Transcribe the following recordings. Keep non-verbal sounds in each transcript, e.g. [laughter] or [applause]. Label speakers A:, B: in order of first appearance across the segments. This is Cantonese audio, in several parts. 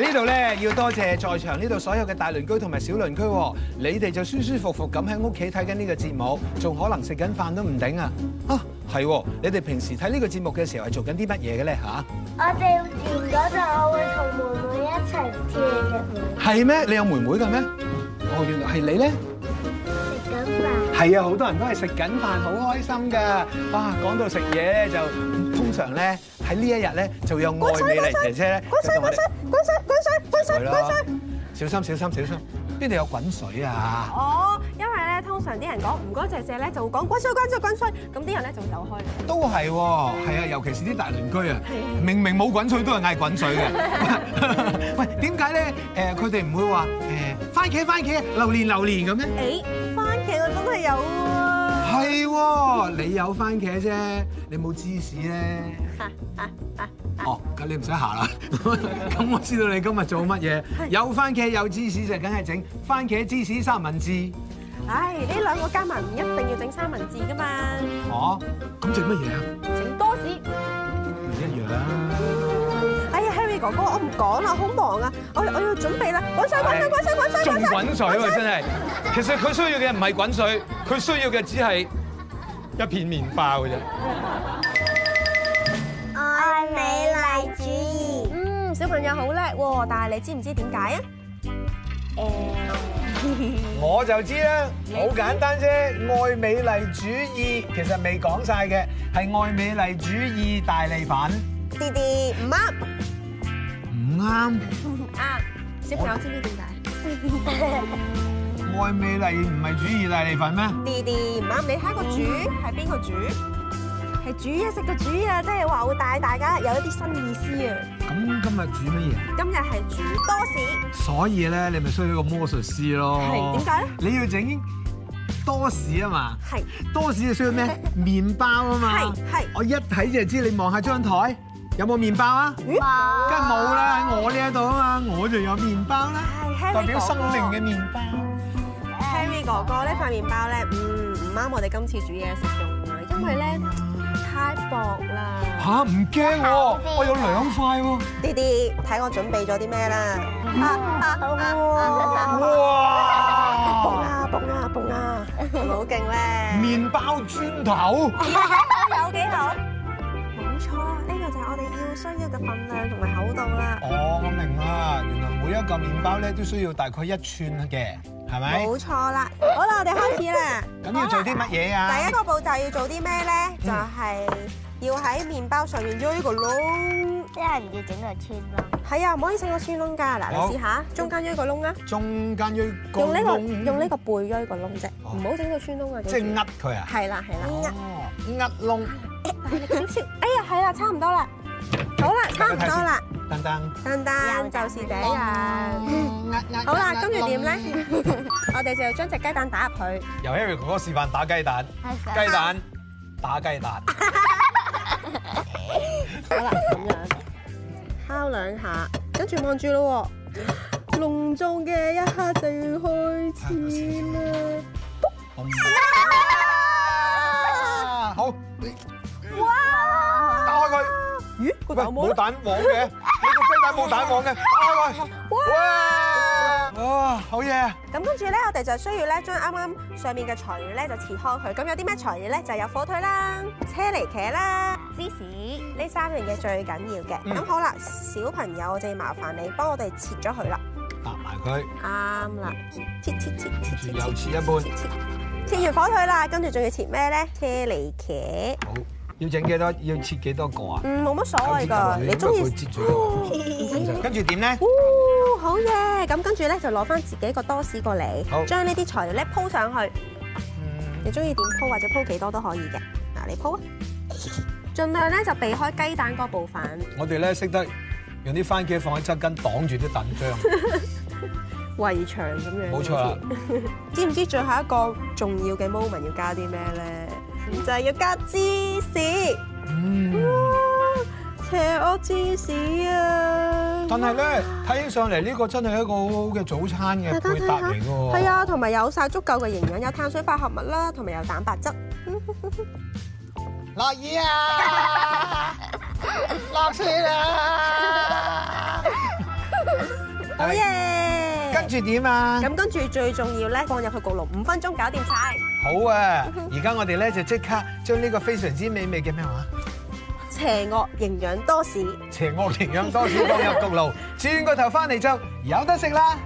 A: 呢度咧要多謝在場呢度所有嘅大鄰居同埋小鄰居，你哋就舒舒服服咁喺屋企睇緊呢個節目，仲可能食緊飯都唔定啊！啊，係，你哋平時睇呢個節目嘅時候係做緊啲乜嘢嘅咧？嚇，
B: 我哋完嗰陣，我會同
A: 妹妹一齊跳嘅。係咩？你有妹妹㗎咩？哦，原來係你咧。食緊飯。係啊，好多人都係食緊飯，好開心㗎！哇，講到食嘢咧，就通常咧。喺呢一日咧，就有愛美麗姐姐咧，同你滾水，滾水，滾水，滾水，滾水，滾水。小心，小心，小心！邊度有滾水啊？哦，
B: 因為咧，通常啲人講唔該，謝謝咧，就會講滾水，滾水，滾水，咁啲人咧就會
A: 走開。都係喎，係啊，尤其是啲大鄰居啊，明明冇滾水都係嗌滾水嘅。喂，點解咧？誒，佢哋唔會話誒
B: 番茄番茄、榴蓮榴蓮
A: 咁咧？誒。你有番茄啫，你冇芝士咧、啊。啊啊啊！哦、啊，咁你唔使行啦。咁我知道你今日做乜嘢？ [laughs] 有番茄有芝士就梗係整番茄芝士三文治。
B: 唉、哎，呢兩個加
A: 埋唔一定要整三文治噶嘛。哦、oh?，咁整乜
B: 嘢？整多士。唔 [laughs] 一樣、啊。哎呀，Garay 哥哥，我唔講啦，好忙啊，我我，我要準備啦，滾水滾水滾水滾水。仲滾水喎真
A: 係。 [laughs] 其實佢需要嘅唔係滾水，佢需要嘅只係。
C: 一片麵包嘅啫。
B: 愛美麗煮意。嗯，小朋友好叻喎，但係你知唔知點解啊？
A: 我就知啦，好簡單啫。愛美麗煮意其實未講曬嘅，係愛美麗煮意大利品。弟
B: 弟唔啱。唔啱。啱。小朋友知唔知點解？
A: 愛美麗唔係煮意大利粉咩？弟哋唔啱，你係個煮，係邊個
B: 煮？係煮啊！食個煮啊！即係話會帶大家有一啲新意
A: 思啊！咁今日煮乜嘢？今日係
B: 煮多士。
A: 所以咧，你咪需要個魔術師咯。係點解咧？你要整多士啊嘛。係。多士就需要咩？麵包啊嘛。係係。我一睇就知，你望下張台有冇麵
B: 包啊？咦？梗係冇啦，喺
A: 我呢一度啊嘛，我就有麵
B: 包啦。係，代表心靈嘅麵包。麵包 Amy 哥哥呢塊麵包咧，嗯，唔啱我哋今次煮嘢食用啊，因為咧太薄啦。吓，唔驚我，我有兩塊。弟弟，睇我準備咗啲咩啦？哇！蹦啊蹦啊蹦啊，好勁咧！麵包磚頭有幾厚？冇錯啦，呢個就係我哋要
A: 需要嘅份量同埋厚度啦。哦，我明啦，原來每一個麵包咧都需要大概一寸嘅。係咪？冇
B: 錯啦，好啦，我哋開始啦。
A: 咁要做啲乜嘢啊？第一個
B: 步驟要做啲咩咧？就係要喺麵包上面鋸一個窿，即係唔要整個穿窿。係啊，唔可以整個穿窿㗎。嗱，你試下中間鋸一個窿啊。中間用呢個用呢個背鋸個窿啫，唔好整個穿窿啊。即係壓佢啊。係啦係啦。壓窿。壓，哎呀，係啦，差唔多啦。.好啦，差唔多啦，噔噔噔噔就是這樣，好啦，跟住點咧？我哋就將隻雞蛋打入去。
A: 由 Garay 哥哥示範打雞蛋，雞蛋打雞蛋。
B: 好啦，咁樣，敲兩下，跟住望住咯。隆重嘅一刻就要開始啦！好。咦？個蛋，蛋黃嘅，呢個、啊、雞蛋冇蛋黃
A: 嘅。哇！哇！哇！
B: 好嘢！咁跟住咧，我哋就需要咧將啱啱上面嘅材料咧就切開佢。咁有啲咩材料咧？就有火腿啦、車厘茄啦、芝士，呢三樣嘢最緊要嘅。咁好啦，小朋友，我就要麻煩你幫我哋切咗佢啦。搭埋佢。啱啦。切切切，切又切，切，切，切，切，切，切一半。切完火腿啦，跟住仲要切咩咧？車厘茄。好。
A: 要整幾多？要切幾多個啊？嗯，
B: 冇乜所謂㗎，切多少你中意。住跟住點咧？哦，呢哦，好嘢。咁跟住咧就攞翻自己個多士過嚟，將呢啲材料咧鋪上去。嗯，你中意點鋪或者鋪幾多都可以嘅。嗱，你鋪啊，儘量咧就避開雞蛋嗰部分。
A: 我哋咧識得用啲番茄放喺側邊擋住啲蛋
B: 漿， [laughs] 圍牆咁樣。冇錯啦。知唔知最後一個重要嘅 moment 要加啲咩咧？就係要加芝士，哇，邪惡芝
A: 士啊！但係咧，睇起上嚟呢個真係一個好好嘅早餐嘅配搭嚟嘅喎。係啊，
B: 同埋有晒足夠嘅營養，有碳水化合物啦，同埋有蛋白質。
A: 落雨啊！
B: 落雪啊！好嘢！跟住點啊？咁跟住最重要咧，放入去焗爐五分鐘，搞掂晒。
A: 好啊！而家我哋咧就即刻將呢個非常之美味嘅咩話？
B: 邪惡營養多士，
A: 邪惡營養多士放入焗爐，
B: 轉個頭翻嚟就有得食啦！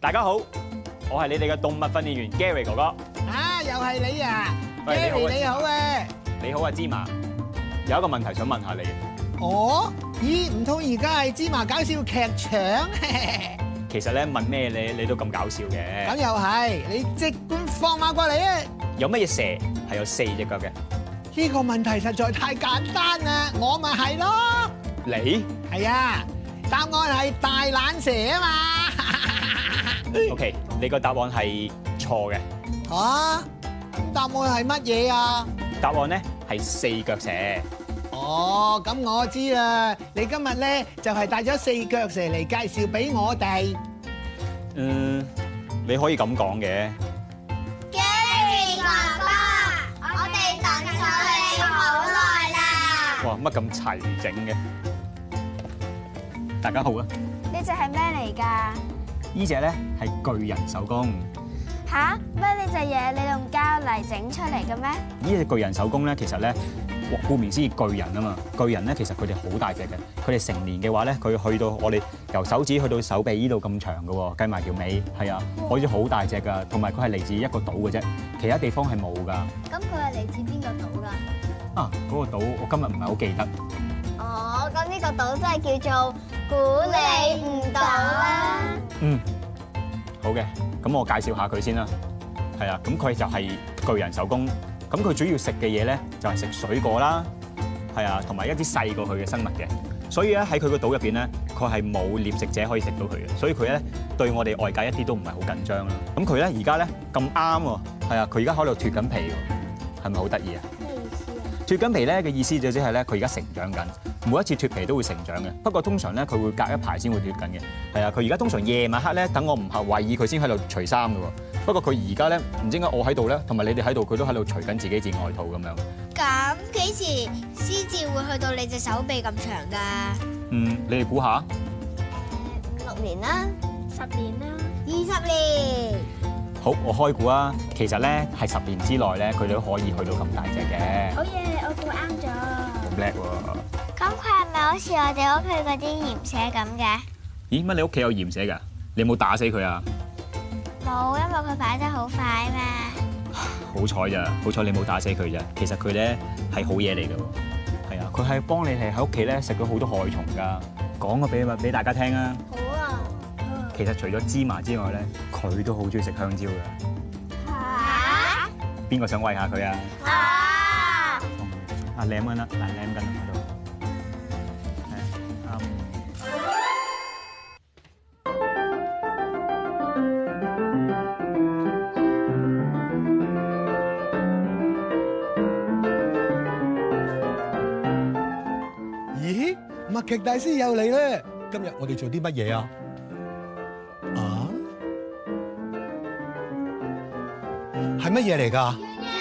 C: 大家好，我係你哋嘅動物訓練員 Garay 哥哥。
A: 啊，又係你啊
C: [laughs] ！Garay 你，好你，好你好啊！你好啊，芝麻，有一個問題想問下你。
A: 我？咦，唔通而家係芝麻搞笑劇場？
C: [laughs] 其實咧問咩你你都咁搞笑嘅。咁
A: 又係，你即管放馬過嚟
C: 啊！有乜嘢蛇係有四隻腳嘅？
A: 呢個問題實在太簡單啦，我咪係咯。你係啊？答案係大懶蛇啊嘛。
C: [laughs] OK，你個答案係錯嘅。
A: 嚇、啊？咁答案係乜嘢啊？
C: 答案咧係四腳蛇。
A: 哦，咁我知啦。你今日咧就係帶咗四腳蛇嚟，介紹俾我哋。
C: 嗯，你可以咁講嘅。
B: Garay 哥哥，
C: 我哋等
B: 咗你好耐啦。
C: 哇，乜咁齊整嘅？大家好啊。
B: 呢隻係咩嚟噶？
C: 呢隻咧係巨人守宮。
B: 吓，乜呢隻嘢你用膠嚟整出嚟嘅咩？
C: 呢隻巨人守宮咧，其實咧。顧名、哦、思義，巨人啊嘛，巨人咧其實佢哋好大隻嘅，佢哋成年嘅話咧，佢去到我哋由手指去到手臂依度咁長嘅，計埋條尾，係啊，哦、可以好大隻噶同埋佢係嚟自一個島嘅啫，其他地方係冇噶咁佢係嚟自邊
B: 個
C: 島噶啊，嗰、那個島我今日唔係好記得。
B: 哦，咁呢個島真係叫做估你唔到啦。
C: 嗯，好嘅，咁我介紹下佢先啦。係啊，咁佢就係巨人守宮。咁佢主要食嘅嘢咧，就係食水果啦，係啊，同埋一啲細過佢嘅生物嘅。所以咧喺佢個島入邊咧，佢係冇獵食者可以食到佢嘅。所以佢咧對我哋外界一啲都唔係好緊張啦。咁佢咧而家咧咁啱喎，係啊，佢而家喺度脫緊皮喎，係咪好得意啊？咩意思？脫緊皮咧嘅意思就即係咧，佢而家成長緊，每一次脫皮都會成長嘅。不過通常咧，佢會隔一排先會脫緊嘅。係啊，佢而家通常夜晚黑咧，等我唔為意佢先喺度除衫㗎喎。不過佢而家咧，唔知點解我喺度咧，同埋你哋喺度，佢都喺度除緊自己件外套咁樣。
B: 咁幾時先至會去到你隻手臂咁長㗎？嗯，
C: 你哋估下。誒、嗯，
B: 五六年啦，十年啦，二十
C: 年。嗯、好，我開估啊。其實咧，係十年之內咧，佢都可以去到咁大隻嘅。好
B: 嘢，我估啱咗。好叻喎！咁佢係咪好似我哋屋企嗰啲鹽蛇咁嘅？
C: 咦，乜你屋企有鹽蛇噶？你有冇打死佢啊？
B: 好，因為佢擺
C: 得很快好快嘛。好彩咋，好彩你冇打死佢咋。其實佢咧係好嘢嚟噶，係啊，佢係幫你係喺屋企咧食咗好多害蟲噶。講個俾咪俾大家聽啊！好啊。其實除咗芝麻之外咧，佢都好中意食香蕉噶。啊？邊個想餵下佢啊？啊！啊舐緊啦，嗱，舐緊。
A: 默劇大師又嚟啦！今日我哋做啲乜嘢啊？啊，係乜嘢嚟噶？圓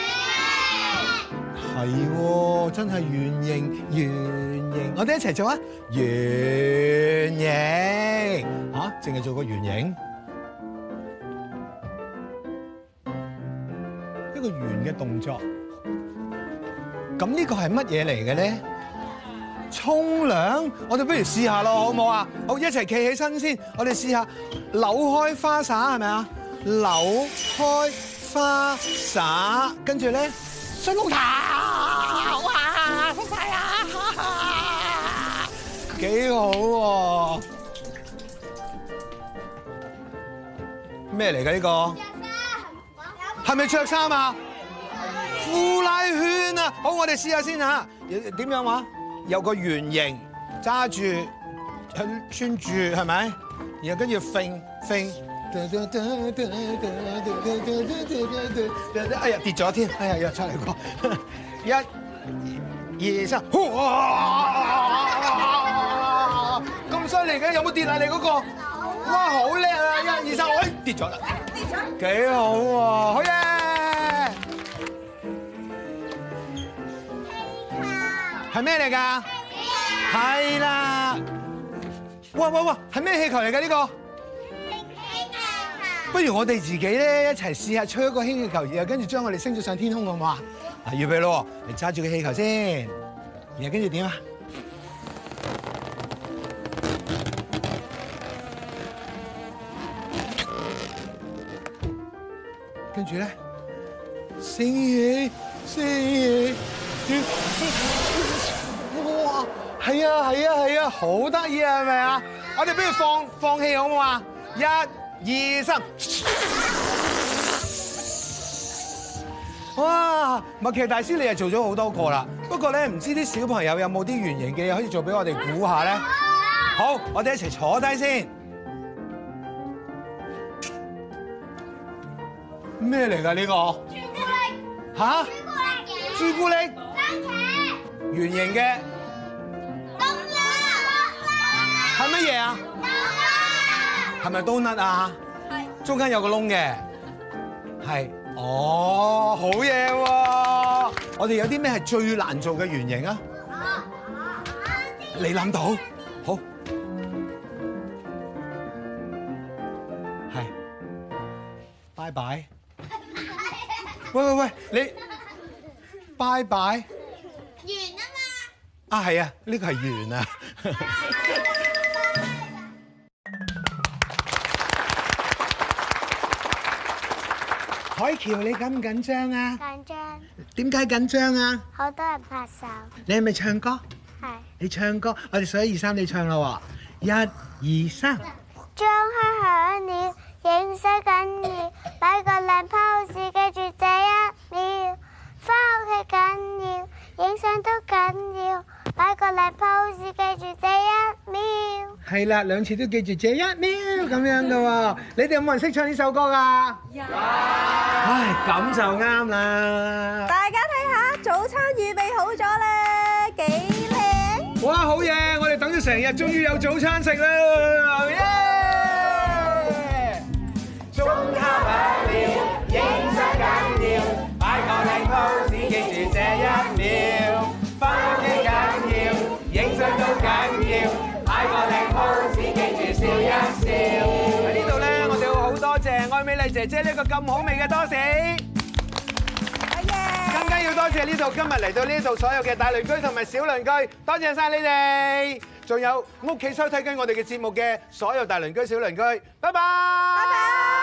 A: 形係，真係圓形，圓形，我哋一齊做啊！圓形吓，淨係做個圓形，一個圓嘅動作。咁呢個係乜嘢嚟嘅咧？沖涼，我哋不如試下咯，好唔好啊？好，一齊企起身先，我哋試下扭開花灑，係咪啊？扭開花灑，跟住咧，水龍頭啊！哇，出曬啊！幾好喎？咩嚟㗎呢個？係咪着衫啊？呼拉圈啊！好，我哋試下先嚇，點樣話？有個圓形揸住，佢穿住係咪？然後跟住揈揈，哎呀跌咗添！哎呀又出嚟個一、二、三，咁犀利嘅有冇跌啊？你嗰個，哇好叻啊！一、二、三，哎跌咗啦，幾好喎！好嘢。係咩嚟噶？係啦！哇哇哇！係咩氣球嚟噶呢個？氣球。球球，不如我哋自己咧一齊試下吹一個氫氣球，然後跟住將我哋升咗上天空，好唔好啊？啊，預備咯！嚟揸住個氣球先，然後跟住點啊？跟住咧，升起，升起。哇！係啊，係啊，係啊，好得意啊，係咪啊？是是我哋不如放放氣好唔好啊？一、二、三！哇！麥奇大師，你又做咗好多個啦，不過咧唔知啲小朋友有冇啲圓形嘅嘢可以做俾我哋估下咧？好，我哋一齊坐低先。咩嚟噶呢個？朱古力。吓麼？朱古力。啊、朱古力。圓形嘅，倒立，係乜嘢啊？都甩，係咪都甩啊？係，中間有個窿嘅，係，哦，好嘢喎！我哋有啲咩係最難做嘅圓形啊？你諗到，好，係，拜拜，喂喂喂，你，拜拜。啊，係啊，呢個係圓啊！海橋，你緊唔緊張啊？緊張。點解緊張啊？好多人拍手。你係咪唱歌？係。你唱歌，我哋數一二三，你唱啦喎！一二三。
B: 張開響了，影相緊要，擺個靚 pose，記住這一秒，返屋企緊要，影相都緊要。擺個靚 pose，記住這一秒。
A: 係啦，兩次都記住這一秒咁樣噶喎。你哋有冇人識唱呢首歌噶？有。唉，咁就啱啦。
B: 大家睇下，
A: 早餐預備好咗啦，幾靚！哇，好嘢！我哋等咗成日，終於有早餐食啦，耶！中下秒，影相緊要，擺個靚 pose，記住這一秒。姐姐呢個咁好味嘅多士，多謝，更加要多謝呢度今日嚟到呢度所有嘅大鄰居同埋小鄰居，多謝晒你哋，仲有屋企收睇緊我哋嘅節目嘅所有大鄰居、小鄰居，拜拜，拜拜。